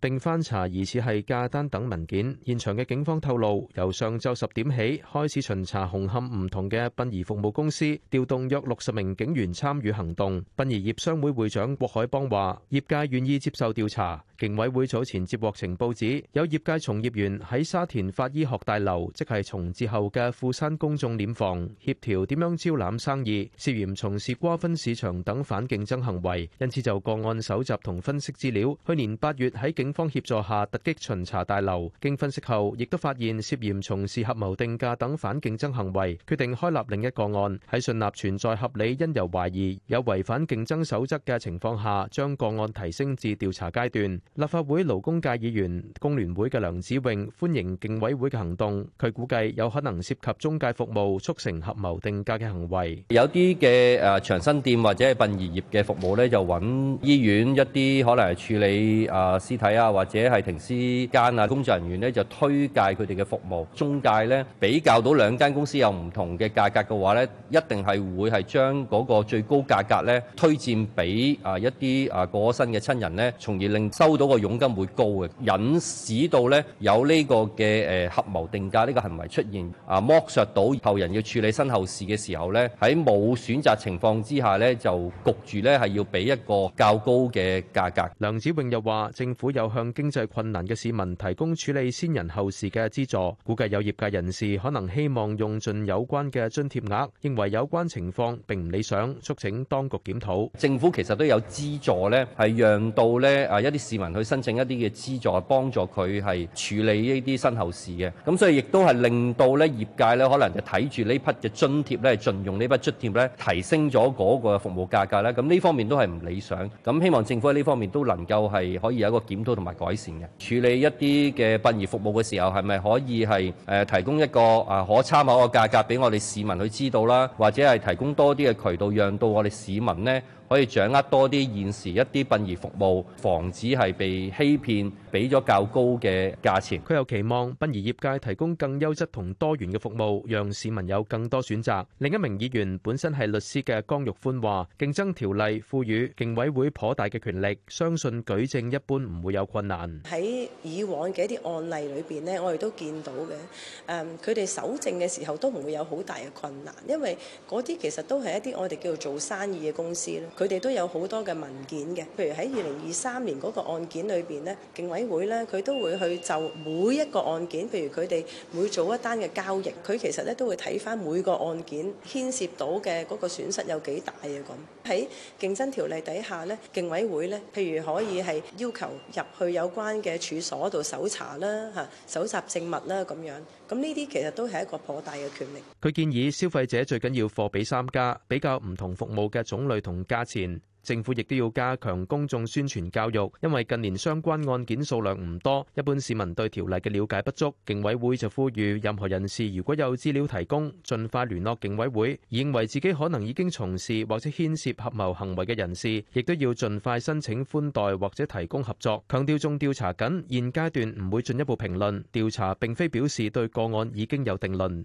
並翻查疑似係價單等文件。現場嘅警方透露，由上晝十點起開始巡查紅磡唔同嘅殯儀服務公司，調動約六十名警員參與行動。殯儀業商會會長郭海邦話，業界願意接受調查。競委會早前接獲情報，指有業界從業員喺沙田法醫學大樓，即係重置後嘅富山公眾殮房，協調點樣招攬生意，涉嫌從事瓜分市場等反競爭行為，因此就個案蒐集同分析資料。去年八月，喺警方協助下突擊巡查大樓，經分析後亦都發現涉嫌從事合謀定價等反競爭行為，決定開立另一個案。喺信納存在合理因由懷疑有違反競爭守則嘅情況下，將個案提升至調查階段。立法會勞工界議員工聯會嘅梁子穎歡迎競委會嘅行動，佢估計有可能涉及中介服務促成合謀定價嘅行為。有啲嘅誒長生店或者係殯儀業嘅服務咧，就揾醫院一啲可能係處理誒屍體啊，或者係停屍間啊，工作人員咧就推介佢哋嘅服務。中介咧比較到兩間公司有唔同嘅價格嘅話咧，一定係會係將嗰個最高價格咧推薦俾啊一啲啊過咗身嘅親人咧，從而令收到個傭金會高嘅，引使到咧有呢個嘅誒合謀定價呢個行為出現啊，剝削到後人要處理身後事嘅時候咧，喺冇選擇情況之下咧，就焗住咧係要俾一個較高嘅價格。梁子穎又話：正。政府有向經濟困難嘅市民提供處理先人後事嘅資助，估計有業界人士可能希望用盡有關嘅津貼額，認為有關情況並唔理想，促請當局檢討。政府其實都有資助呢，係讓到呢啊一啲市民去申請一啲嘅資助，幫助佢係處理呢啲身後事嘅。咁所以亦都係令到呢業界呢可能就睇住呢筆嘅津貼呢，盡用呢筆津貼呢，提升咗嗰個服務價格啦。咁呢方面都係唔理想。咁希望政府喺呢方面都能夠係可以有。個檢討同埋改善嘅，處理一啲嘅殯儀服務嘅時候，係咪可以係誒、呃、提供一個啊、呃、可參考嘅價格俾我哋市民去知道啦，或者係提供多啲嘅渠道，讓到我哋市民咧，可以掌握多啲現時一啲殯儀服務，防止係被欺騙，俾咗較高嘅價錢。佢又期望殯儀業界提供更優質同多元嘅服務，讓市民有更多選擇。另一名議員本身係律師嘅江玉歡話：競爭條例賦予競委會頗大嘅權力，相信舉證一般唔會有困難。喺以往嘅一啲案例裏邊咧，我哋都見到嘅，誒，佢哋搜證嘅時候都唔會有好大嘅困難，因為嗰啲其實都係一啲我哋叫做做生意嘅公司咧。佢哋都有好多嘅文件嘅，譬如喺二零二三年嗰個案件裏邊咧，競委會咧佢都會去就每一個案件，譬如佢哋每做一單嘅交易，佢其實咧都會睇翻每個案件牽涉到嘅嗰個損失有幾大嘅咁。喺競爭條例底下咧，競委會咧，譬如可以係要求入去有關嘅處所度搜查啦，嚇搜集證物啦咁樣。咁呢啲其實都係一個頗大嘅權力。佢建議消費者最緊要貨比三家，比較唔同服務嘅種類同價。前政府亦都要加強公眾宣傳教育，因為近年相關案件數量唔多，一般市民對條例嘅了解不足。競委會就呼籲任何人士如果有資料提供，盡快聯絡競委會；認為自己可能已經從事或者牽涉合謀行為嘅人士，亦都要盡快申請寬待或者提供合作。強調仲調查緊，現階段唔會進一步評論調查，並非表示對個案已經有定論。